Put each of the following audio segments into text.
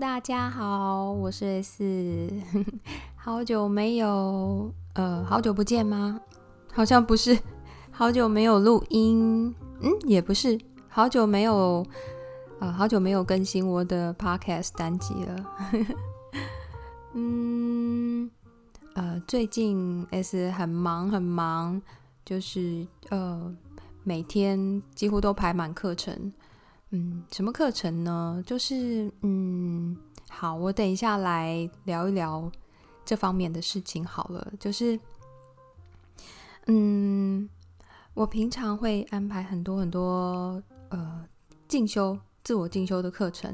大家好，我是 S， 好久沒有，呃，好久不見嗎？好像不是，好久沒有錄音，嗯，也不是，好久沒有，啊、呃，好久沒有更新我的 Podcast 單集了。 嗯，呃，最近 S 很忙很忙，就是呃，每天幾乎都排滿課程。嗯，什麼課程呢？就是嗯，好，我等一下來聊一聊這方面的事情好了。就是嗯，我平常會安排很多很多呃進修、自我進修的課程。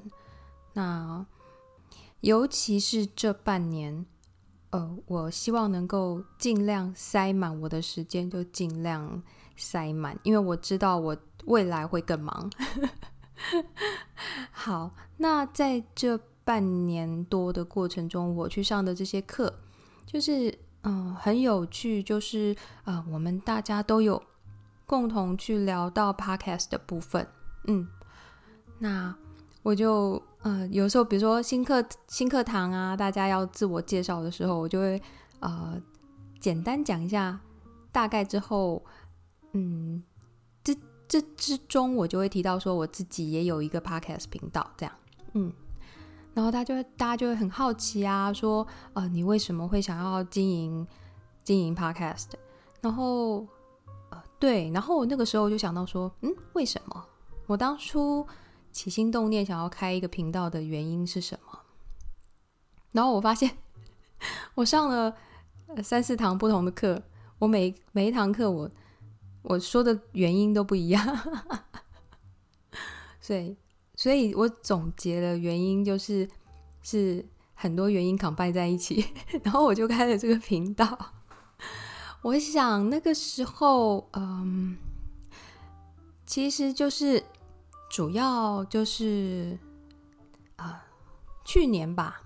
那尤其是這半年，呃，我希望能夠盡量塞滿我的時間，就盡量塞滿，因為我知道我未來會更忙。 好，那在這半年多的過程中，我去上的這些課，就是嗯、呃、很有趣，就是呃我們大家都有共同去聊到 podcast 的部分，嗯，那我就嗯、呃，有時候比如說新課新課堂啊，大家要自我介紹的時候，我就會呃簡單講一下，大概之後嗯。這之中，我就會提到說，我自己也有一個 podcast 頻道，這樣，嗯，然後大家就會大家就會很好奇啊，說，呃，你為什麼會想要經營經營 podcast？然後，呃，對，然後我那個時候我就想到說，嗯，為什麼我當初起心動念想要開一個頻道的原因是什麼？然後我發現，我上了三四堂不同的課，我每每一堂課我。我說的原因都不一樣， 所以，所以我總結的原因就是是很多原因 combine 在一起，然後我就開了這個頻道。 我想那個時候，嗯，其實就是主要就是啊，去年吧，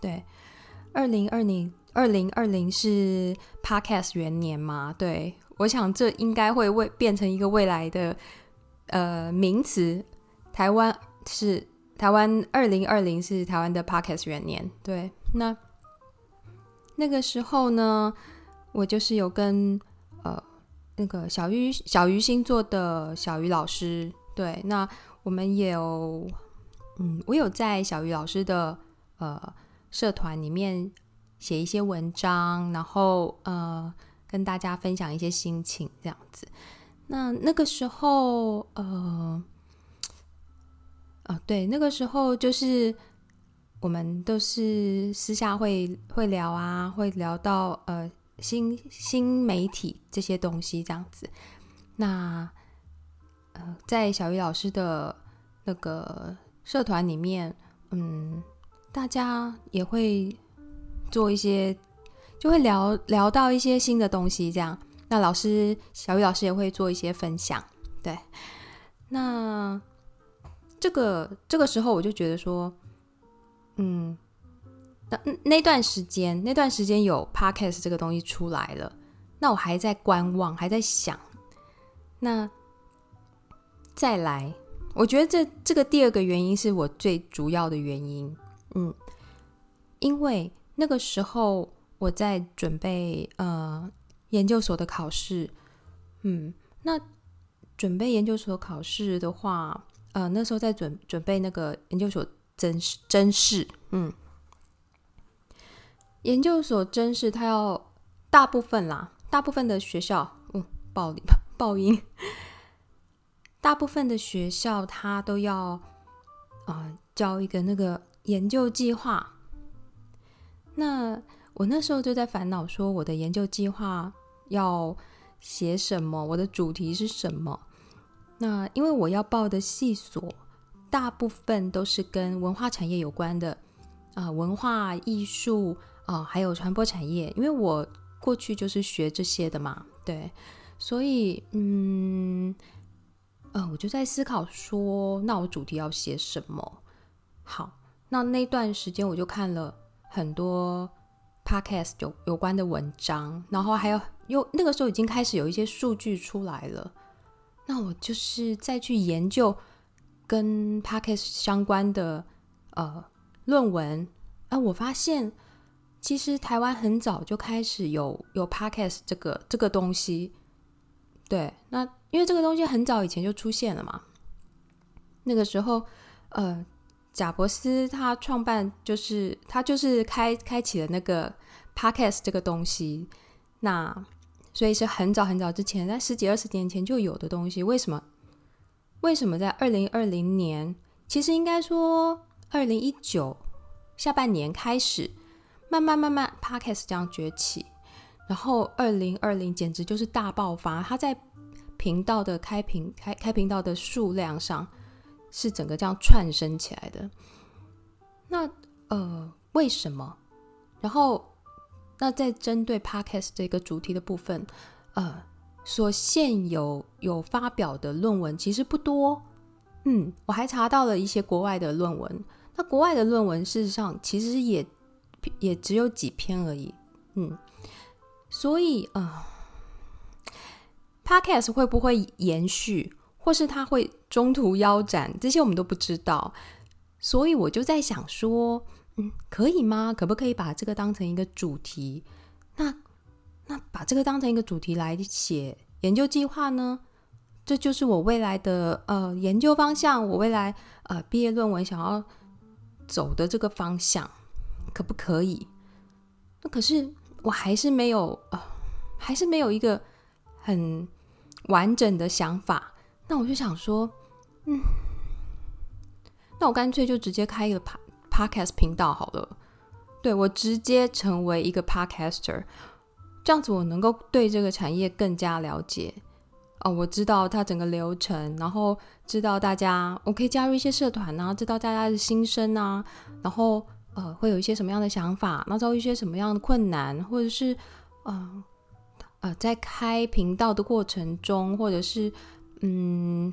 對，二零二零二零二零是 Podcast 元年嘛，對。我想這應該會未變成一個未來的，呃，名詞。台灣是台灣二零二零是台灣的 Podcast 元年，對。那那個時候呢，我就是有跟呃那個小魚小魚星座的小魚老師，對。那我們有，嗯，我有在小魚老師的呃社團裡面寫一些文章，然後呃。跟大家分享一些心情，這樣子。那那個時候，呃、啊，對，那個時候就是我們都是私下會會聊啊，會聊到呃新新媒體這些東西這樣子。那呃，在小魚老師的那個社團裡面，嗯，大家也會做一些。就會聊聊到一些新的東西，這樣。那老師，小雨老師也會做一些分享，對。那這個這個時候，我就覺得說，嗯，那那段時間，那段時間有 podcast 這個東西出來了，那我還在觀望，還在想。那再來，我覺得這這個第二個原因是我最主要的原因，嗯，因為那個時候。我在準備呃研究所的考試，嗯，那準備研究所考試的話，呃，那時候在準準備那個研究所甄試甄試，嗯，研究所甄試，他要大部分啦，大部分的學校，嗯，報理報英，大部分的學校他都要啊交，呃，一個那個研究計劃，那。我那時候就在煩惱，說我的研究計劃要寫什麼，我的主題是什麼？那因為我要報的系所大部分都是跟文化產業有關的啊、呃，文化藝術啊、呃，還有傳播產業，因為我過去就是學這些的嘛，對，所以嗯，呃，我就在思考說，那我主題要寫什麼？好，那那段時間我就看了很多。Podcast 有有關的文章，然後還有又那個時候已經開始有一些數據出來了，那我就是再去研究跟 Podcast 相關的呃論文啊，我發現其實台灣很早就開始有有 Podcast 這個這個東西，對，那因為這個東西很早以前就出現了嘛，那個時候呃。賈伯斯他創辦，就是他就是開開啟了那個 podcast 這個東西，那所以是很早很早之前，在十幾二十年前就有的東西。為什麼？為什麼在二零二零年？其實應該說二零一九下半年開始，慢慢慢慢 podcast 這樣崛起，然後二零二零簡直就是大爆發。他在頻道的開頻開開頻道的數量上。是整個這樣串升起來的，那呃，為什麼？然後，那在針對 podcast 這個主題的部分，呃，所現有有發表的論文其實不多。嗯，我還查到了一些國外的論文，那國外的論文事實上其實也也只有幾篇而已。嗯，所以啊、呃、，podcast 會不會延續？或是他會中途腰斬，這些我們都不知道，所以我就在想說，嗯，可以嗎？可不可以把這個當成一個主題？那那把這個當成一個主題來寫研究計劃呢？這就是我未來的呃研究方向，我未來呃畢業論文想要走的這個方向，可不可以？那可是我還是沒有，呃，還是沒有一個很完整的想法。那我就想說，嗯，那我乾脆就直接開一個 pa podcast 頻道好了。對，我直接成為一個 podcaster，這樣子我能夠對這個產業更加了解。哦，我知道它整個流程，然後知道大家，我可以加入一些社團啊，知道大家的心聲啊，然後呃，會有一些什麼樣的想法，那遭遇一些什麼樣的困難，或者是嗯呃，呃，在開頻道的過程中，或者是。嗯，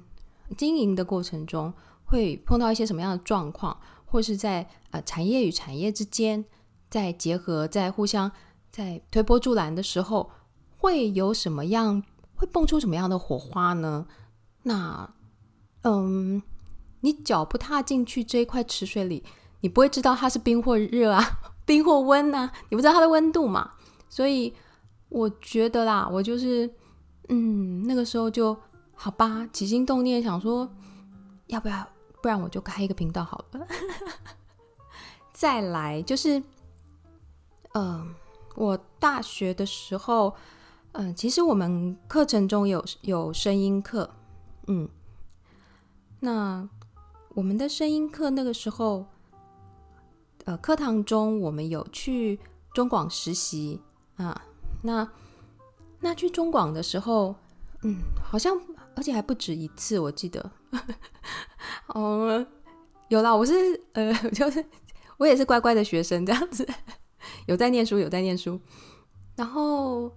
經營的過程中會碰到一些什麼樣的狀況？或是在呃產業與產業之間在結合，在互相在推波助瀾的時候，會有什麼樣會蹦出什麼樣的火花呢？那嗯，你腳不踏進去這一塊池水裡，你不會知道它是冰或熱啊，冰或溫吶啊，你不知道它的溫度嘛。所以我覺得啦，我就是嗯，那個時候就。好吧，起心動念想說，要不要？不然我就開一個頻道好了。 再來就是，嗯、呃，我大學的時候，嗯、呃，其實我們課程中有有聲音課，嗯，那我們的聲音課那個時候，呃，課堂中我們有去中廣實習啊，那那去中廣的時候，嗯，好像。而且還，不止一次，我記得，哦、 oh，有啦，我是呃，就是我也是乖乖的學生，這樣子， 有在念書，有在念書。然後，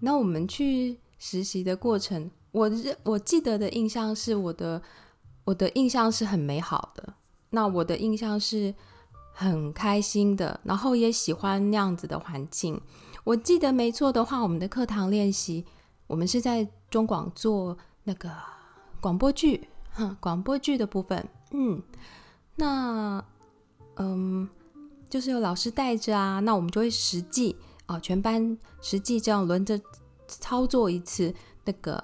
那我們去實習的過程，我我記得的印象是我的我的印象是很美好的，那我的印象是很開心的，然後也喜歡那樣子的環境。我記得沒錯的話，我們的課堂練習，我們是在。中廣做那個廣播劇，哼，廣播劇的部分，嗯，那，嗯，就是有老師帶着啊，那我們就會實際啊、呃，全班實際這樣輪着操作一次那個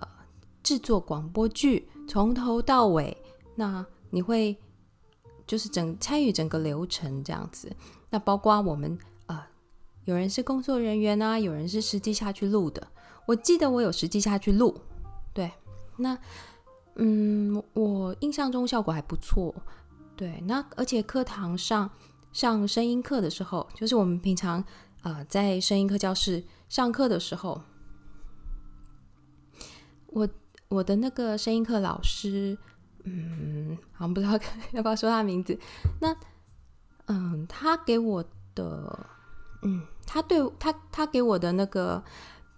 製作廣播劇，從頭到尾，那你會就是整，參與整個流程這樣子，那包括我們啊、呃，有人是工作人員啊，有人是實際下去錄的。我記得我有實際下去錄，對，那嗯，我印象中效果還不錯，對，那而且課堂上上聲音課的時候，就是我們平常啊、呃，在聲音課教室上課的時候，我我的那個聲音課老師，嗯，好像不知道 要不要說他名字，那嗯，他給我的，嗯，他對他他給我的那個。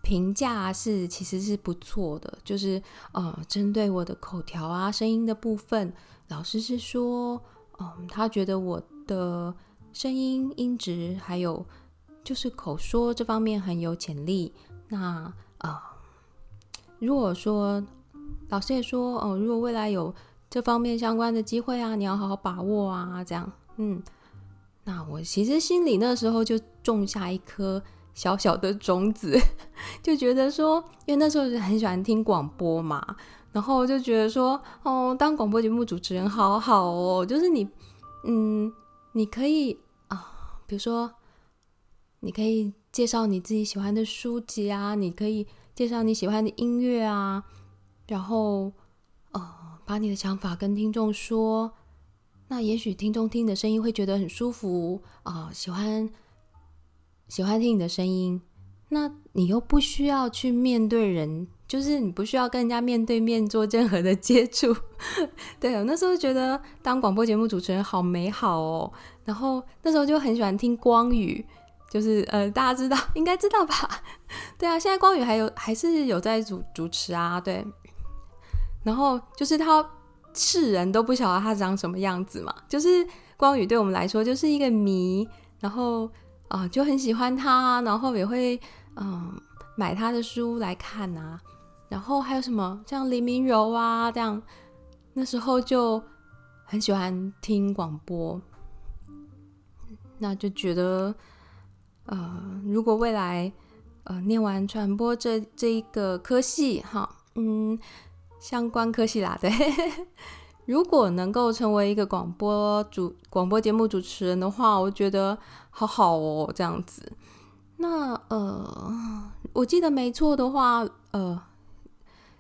評價是其實是不錯的，就是呃，針對我的口條啊、聲音的部分，老師是說，嗯、呃、他覺得我的聲音音質還有就是口說這方面很有潛力。那呃，如果說老師也說，哦、呃，如果未來有這方面相關的機會啊，你要好好把握啊，這樣，嗯，那我其實心裡那時候就種下一顆。小小的種子，就覺得說，因為那時候是很喜歡聽廣播嘛，然後就覺得說，哦，當廣播節目主持人好好哦，就是你，嗯，你可以啊，比如說，你可以介紹你自己喜歡的書籍啊，你可以介紹你喜歡的音樂啊，然後，呃，把你的想法跟聽眾說，那也許聽眾聽的聲音會覺得很舒服啊，喜歡。喜歡聽你的聲音，那你又不需要去面對人，就是你不需要跟人家面對面做任何的接觸。 對，我那時候覺得當廣播節目主持人好美好哦。然後那時候就很喜歡聽光禹，就是呃，大家知道應該知道吧？對啊，現在光禹還有還是有在主主持啊。對，然後就是他世人都不曉得他長什麼樣子嘛，就是光禹對我們來說就是一個謎。然後。啊、呃，就很喜歡他、啊，然後也會嗯、呃、買他的書來看啊，然後還有什麼像黎明柔啊這樣，那時候就很喜歡聽廣播，那就覺得呃，如果未來呃念完傳播這這一個科系哈，嗯，相關科系啦，對。 如果能夠成為一個廣播主、廣播節目主持人的話，我覺得好好哦，這樣子。那呃，我記得沒錯的話，呃，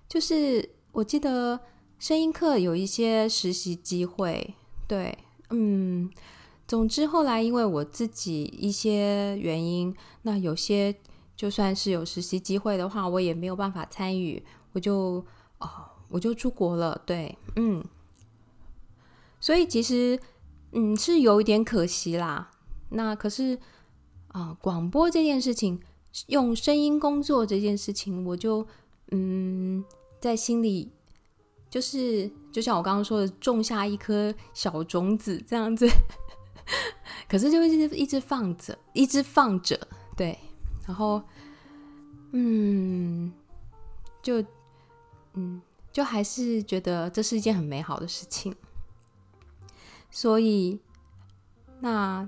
就是我記得聲音課有一些實習機會，對，嗯。總之後來因為我自己一些原因，那有些就算是有實習機會的話，我也沒有辦法參與，我就哦，我就出國了，對，嗯。所以其實，嗯，是有一點可惜啦。那可是啊、呃，廣播這件事情，用聲音工作這件事情，我就嗯，在心裡就是就像我剛剛說的，種下一顆小種子這樣子。呵呵可是就一直一直放着，一直放着，對。然後，嗯，就嗯，就還是覺得這是一件很美好的事情。所以，那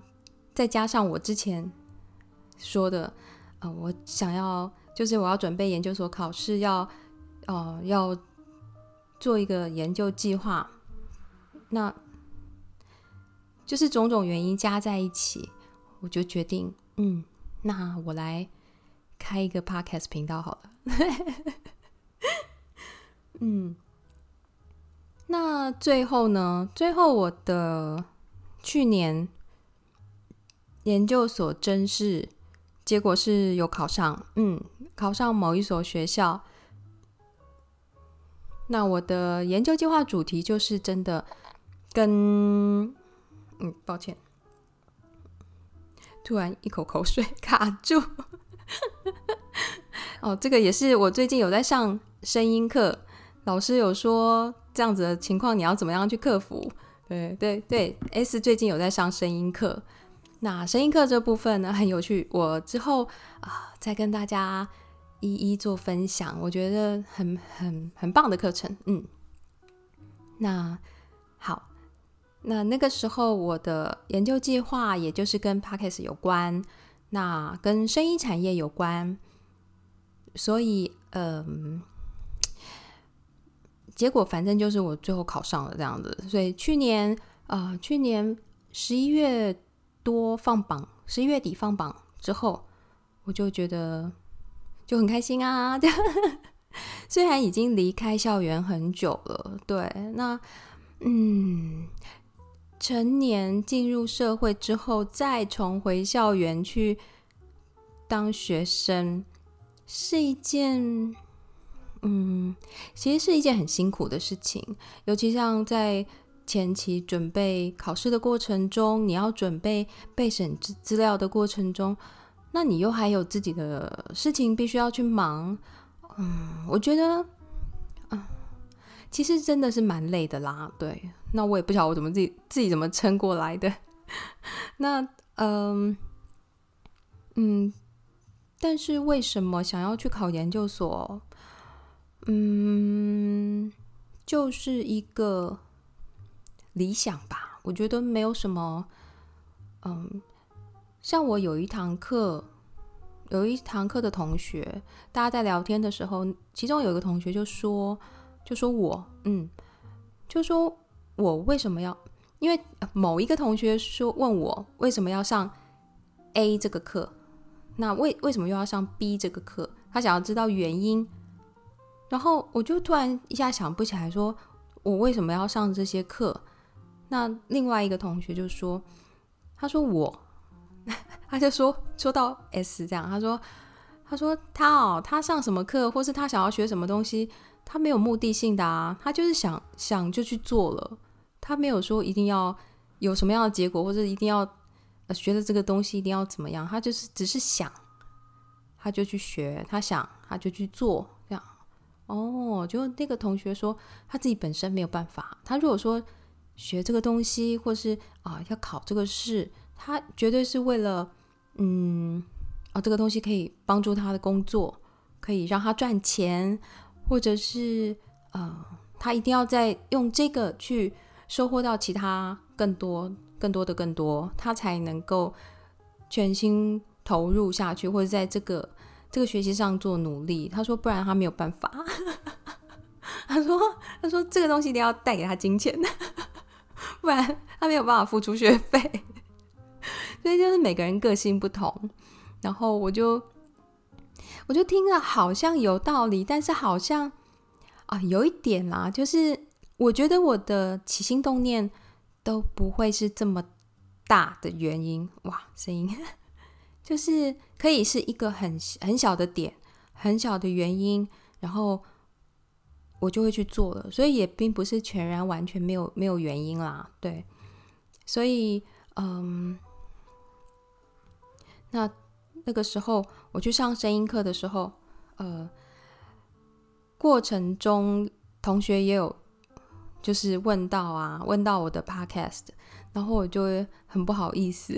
再加上我之前說的，呃，我想要，就是我要準備研究所考試，要，哦、呃，要做一個研究計劃，那，就是種種原因加在一起，我就決定，嗯，那我來開一個 podcast 頻道好了， 嗯。那最後呢？最後我的去年研究所甄試，結果是有考上，嗯，考上某一所學校。那我的研究計劃主題就是真的跟……嗯，抱歉，突然一口口水卡住。 哦，這個也是我最近有在上聲音課，老師有說。這樣子的情況，你要怎麼樣去克服？對對對，S 最近有在上聲音課，那聲音課這部分呢，很有趣，我之後啊再跟大家一一做分享。我覺得很很很棒的課程，嗯。那好，那那個時候我的研究計劃也就是跟 podcast 有關，那跟聲音產業有關，所以嗯。呃結果反正就是我最後考上了這樣子，所以去年啊、呃，去年十一月多放榜，十一月底放榜之後，我就覺得就很開心啊。 雖然已經離開校園很久了，對，那嗯，成年進入社會之後再重回校園去當學生是一件。嗯，其實是一件很辛苦的事情，尤其像在前期準備考試的過程中，你要準備備審資資料的過程中，那你又還有自己的事情必須要去忙，嗯，我覺得啊，嗯，其實真的是蠻累的啦。對，那我也不曉得我怎麼自己自己怎麼撐過來的。那嗯嗯，但是為什麼想要去考研究所？嗯，就是一個理想吧。我覺得沒有什麼，嗯，像我有一堂課，有一堂課的同學，大家在聊天的時候，其中有一個同學就說，就說我，嗯，就說我為什麼要？因為某一個同學說問我為什麼要上 A 這個課，那為為什麼又要上 B 這個課？他想要知道原因。然後我就突然一下想不起來，說我為什麼要上這些課？那另外一個同學就說：“他說我，他就說說到 S 這樣，他說，他說他哦，他上什麼課，或是他想要學什麼東西，他沒有目的性的啊，他就是想想就去做了，他沒有說一定要有什麼樣的結果，或者一定要、呃、學了這個東西一定要怎麼樣，他就是只是想，他就去學，他想他就去做。”哦，oh, 就那個同學說他自己本身沒有辦法，他如果說學這個東西，或是啊、呃、要考這個試，他絕對是為了嗯、哦、這個東西可以幫助他的工作，可以讓他賺錢，或者是呃他一定要在用這個去收穫到其他更多更多的更多，他才能夠全心投入下去，或者在這個。這個學習上做努力，他說不然他沒有辦法。 他說他說這個東西一定要帶給他金錢， 不然他沒有辦法付出學費。 所以就是每個人個性不同，然後我就我就聽了，好像有道理，但是好像啊、呃、有一點啦，就是我覺得我的起心動念都不會是這麼大的原因。哇，聲音。就是可以是一個很很小的點，很小的原因，然後我就會去做了，所以也並不是全然完全沒有沒有原因啦，對，所以嗯，那那個時候我去上聲音課的時候，呃，過程中同學也有就是問到啊，問到我的 podcast，然後我就很不好意思。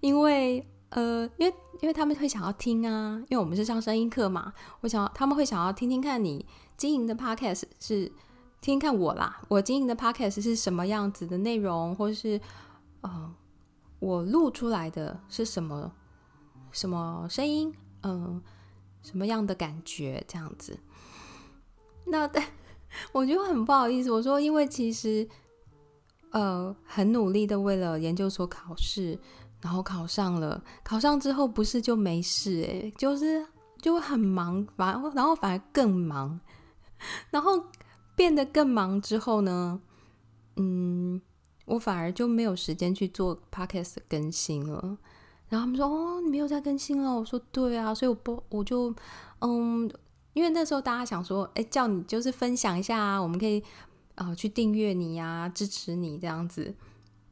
因為呃，因為因為他們會想要聽啊，因為我們是上聲音課嘛，我想要他們會想要聽聽看你經營的 podcast 是聽聽看我啦，我經營的 podcast 是什麼樣子的內容，或是是、呃、我錄出來的是什麼什麼聲音，嗯、呃，什麼樣的感覺這樣子。那但我覺得很不好意思，我說因為其實呃很努力的為了研究所考試。然後考上了，考上之後不是就沒事誒，就是就會很忙，反然後反而更忙，然後變得更忙之後呢，嗯，我反而就沒有時間去做 podcast 更新了。然後他們說：“哦，你沒有再更新了。”我說：“對啊，所以我不我就嗯，因為那時候大家想說，哎，叫你就是分享一下啊，我們可以啊、呃、去訂閱你呀、啊，支持你這樣子。”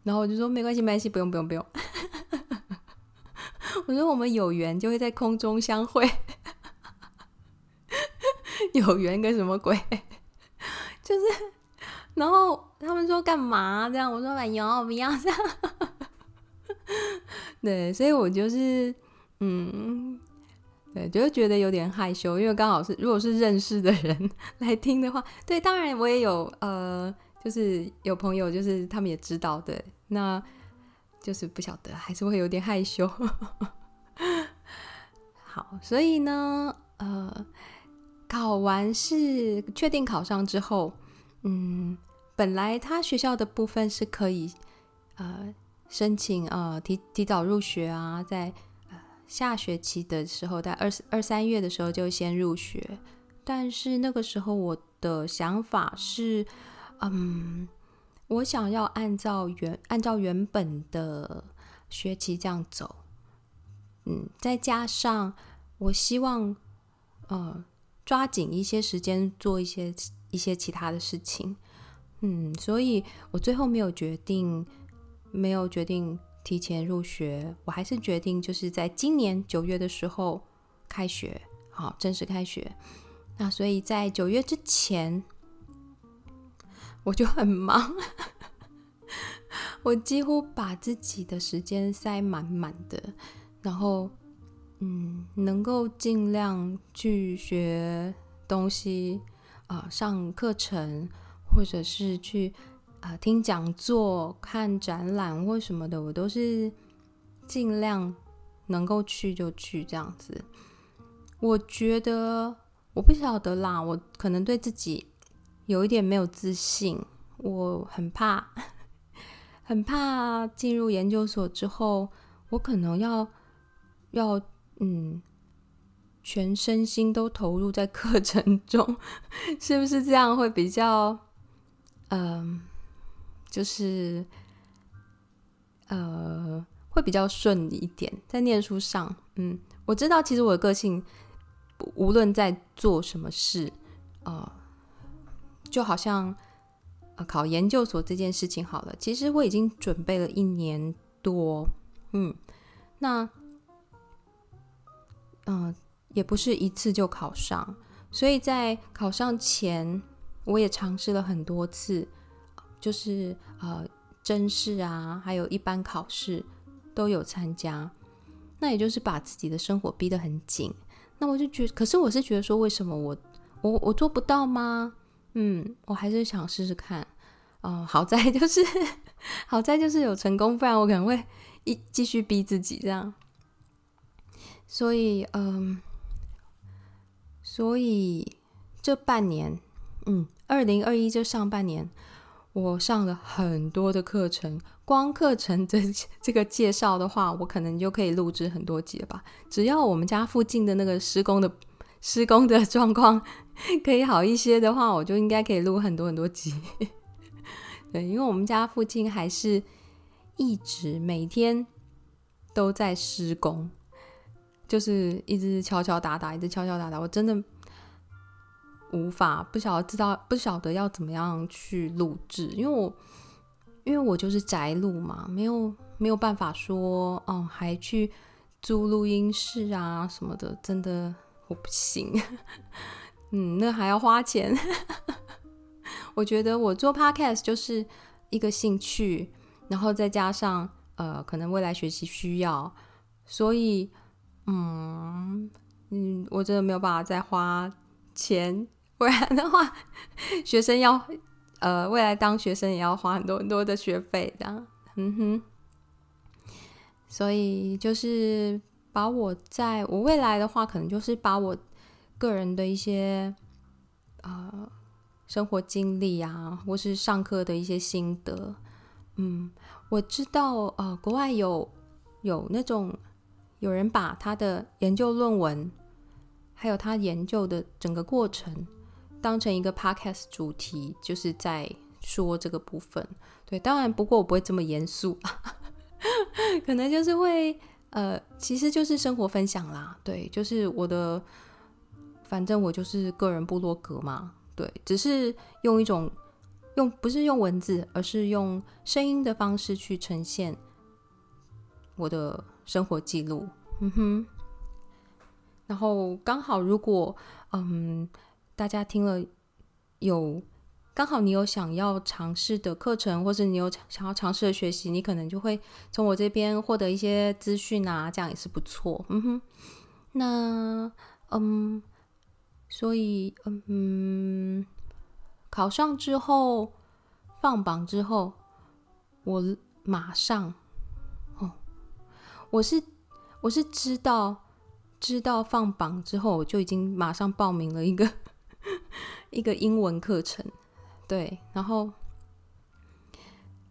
然後我就說，沒關係，沒關係，不用，不用，不用。 我說我們有緣就會在空中相會， 有緣跟什麼鬼？就是，然後他們說幹嘛這樣？我說沒有，哎呦我不要這樣。 對，所以我就是，嗯，對，就是覺得有點害羞，因為剛好是如果是認識的人來聽的話，對，當然我也有，呃。就是有朋友，就是他們也知道的，那就是不曉得，還是會有點害羞。 好，所以呢，呃，考完試確定考上之後，嗯，本來他學校的部分是可以呃申請呃提提早入學啊，在呃下學期的時候，在二二三月的時候就先入學，但是那個時候我的想法是。嗯，um, 我想要按照原按照原本的學期這樣走，嗯，再加上我希望呃抓緊一些時間做一些一些其他的事情，嗯，所以我最後沒有決定，沒有決定提前入學，我還是決定就是在今年九月的時候開學，好，正式開學。那所以在九月之前。我就很忙， 我幾乎把自己的時間塞滿滿的，然後，嗯，能夠盡量去學東西啊、呃，上課程，或者是去啊、呃、聽講座、看展覽或什麼的，我都是盡量能夠去就去這樣子。我覺得，我不曉得啦，我可能對自己。有一點沒有自信，我很怕，很怕進入研究所之後，我可能要要嗯，全身心都投入在課程中，是不是這樣會比較嗯、呃，就是呃，會比較順一點在念書上。嗯，我知道其實我的個性，無論在做什麼事啊。呃就好像、呃、考研究所這件事情好了，其實我已經準備了一年多，嗯，那嗯、呃，也不是一次就考上，所以在考上前，我也嘗試了很多次，就是呃，甄試啊，還有一般考試都有參加，那也就是把自己的生活逼得很緊，那我就覺得，可是我是覺得說，為什麼我我我做不到嗎？嗯，我還是想試試看，嗯，好在就是，好在就是有成功，不然我可能會一繼續逼自己這樣。所以，嗯，所以這半年，嗯，二零二一這上半年，我上了很多的課程，光課程這這個介紹的話，我可能就可以錄製很多集吧。只要我們家附近的那個施工的。施工的狀況可以好一些的話，我就應該可以錄很多很多集。對，因為我們家附近還是一直每天都在施工，就是一直敲敲打打，一直敲敲打打，我真的無法，不曉得知道，不曉得要怎麼樣去錄制，因為我因為我就是宅錄嘛，沒有沒有辦法說哦、嗯，還去租錄音室啊什麼的，真的。我不行，嗯，那還要花錢。 我覺得我做 podcast 就是一個興趣，然後再加上呃，可能未來學習需要，所以，嗯嗯，我真的沒有辦法再花錢，不然的話，學生要呃，未來當學生也要花很多很多的學費的，嗯哼，所以就是。把我在我未來的話，可能就是把我個人的一些啊、呃、生活經歷啊，或是上課的一些心得，嗯，我知道呃，國外有有那種有人把他的研究論文，還有他研究的整個過程當成一個 podcast 主題，就是在說這個部分。對，當然，不過我不會這麼嚴肅， 可能就是會。呃，其實就是生活分享啦，對，就是我的，反正我就是個人部落格嘛，對，只是用一種用不是用文字，而是用聲音的方式去呈現我的生活記錄，嗯哼。然後剛好如果嗯，大家聽了有。剛好你有想要嘗試的課程，或是你有想要嘗試的學習，你可能就會從我這邊獲得一些資訊啊，這樣也是不錯。嗯哼，那嗯，所以嗯嗯，考上之後放榜之後，我馬上哦，我是我是知道知道放榜之後，我就已經馬上報名了一個一個英文課程。對，然後，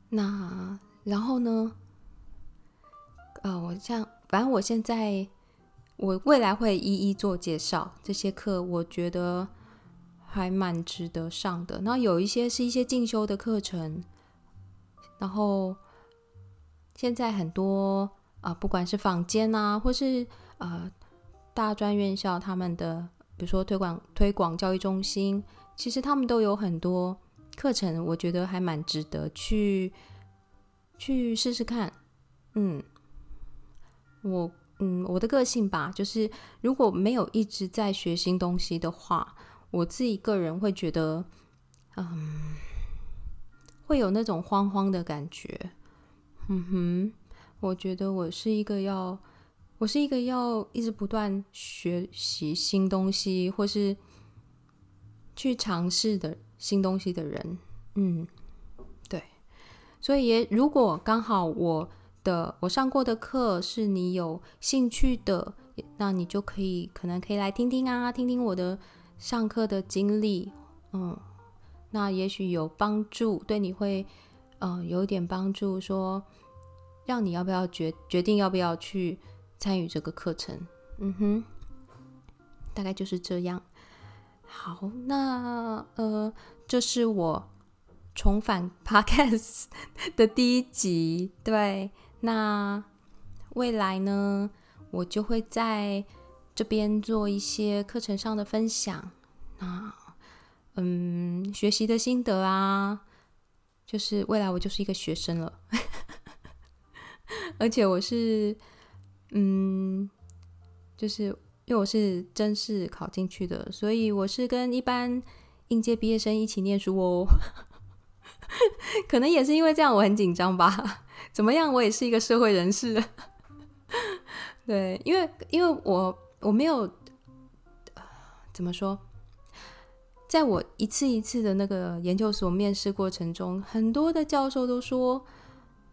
那然後呢？呃，我這樣，反正我現在，我未來會一一做介紹。這些課我覺得還蠻值得上的。那有一些是一些進修的課程，然後現在很多啊，呃，不管是坊間啊，或是呃大專院校他們的，比如說推廣推廣教育中心，其實他們都有很多。課程我覺得還蠻值得去去試試看，嗯，我嗯我的個性吧，就是如果沒有一直在學新東西的話，我自己個人會覺得，嗯，會有那種慌慌的感覺。嗯哼，我覺得我是一個要，我是一個要一直不斷學習新東西或是去嘗試的新東西的人，嗯，對，所以也如果剛好我的我上過的課是你有興趣的，那你就可以可能可以來聽聽啊，聽聽我的上課的經歷，嗯，那也許有幫助，對你會，嗯，有一點幫助說，說讓你要不要決決定要不要去參與這個課程，嗯哼，大概就是這樣。好，那呃。這是我重返 Podcast 的第一集，對。那未來呢，我就會在這邊做一些課程上的分享，那嗯，學習的心得啊，就是未來我就是一個學生了， 而且我是，嗯，就是因為我是正式考進去的，所以我是跟一般。應屆畢業生一起唸書哦， 可能也是因為這樣，我很緊張吧？怎麼樣，我也是一個社會人士， 對，因為因為我我沒有、呃、怎麼說，在我一次一次的那個研究所面試過程中，很多的教授都說：“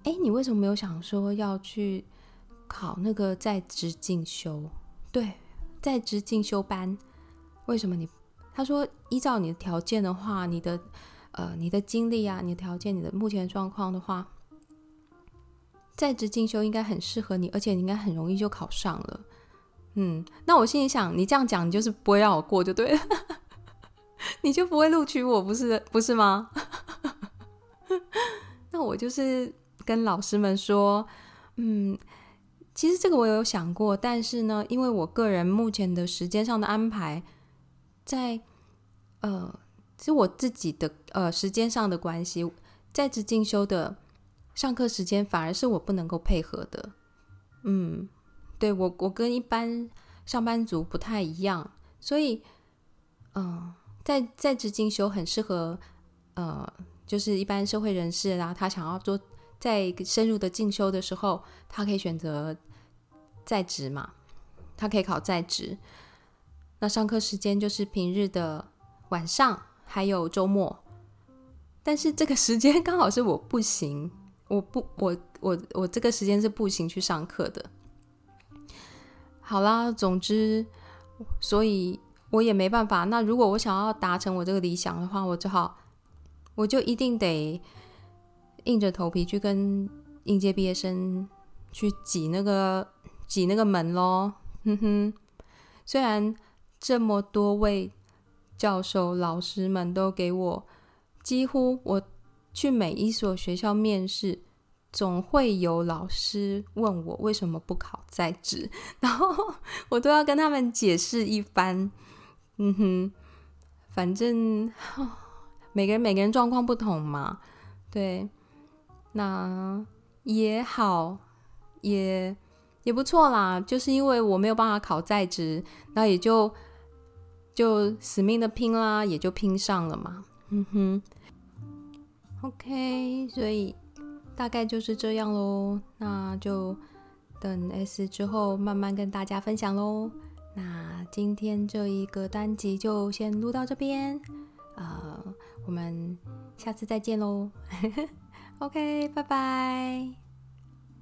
哎，你為什麼沒有想說要去考那個在職進修？對，在職進修班，為什麼你不？”他說：“依照你的條件的話，你的，呃，你的經歷啊，你的條件，你的目前的狀況的話，在職進修應該很適合你，而且你應該很容易就考上了。”嗯，那我心裡想，你這樣講，你就是不會讓我過就對了， 你就不會錄取我，不是，不是嗎？ 那我就是跟老師們說，嗯，其實這個我有想過，但是呢，因為我個人目前的時間上的安排。在呃，其實我自己的呃時間上的關係，在職進修的上課時間反而是我不能夠配合的。嗯，對，我我跟一般上班族不太一樣，所以嗯、呃，在在職進修很適合呃，就是一般社會人士啦，然後他想要做再深入的進修的時候，他可以選擇在職嘛，他可以考在職。那上課時間就是平日的晚上，還有周末，但是這個時間剛好是我不行，我不，我我我這個時間是不行去上課的。好啦，總之，所以我也沒辦法。那如果我想要達成我這個理想的話，我只好，我就一定得硬着頭皮去跟應屆畢業生去擠那個擠那個門咯。哼哼，雖然。這麼多位教授、老師們都給我，幾乎我去每一所學校面試，總會有老師問我為什麼不考在職，然後我都要跟他們解釋一番。嗯哼，反正每個人每個人狀況不同嘛，對，那也好，也也不錯啦，就是因為我沒有辦法考在職，那也就。就死命的拼啦、啊，也就拼上了嘛。嗯、哼哼，OK，所以大概就是這樣嘍。那就等 S 之後慢慢跟大家分享嘍。那今天這一個單集就先錄到這邊，呃，我們下次再見嘍。 OK，拜拜。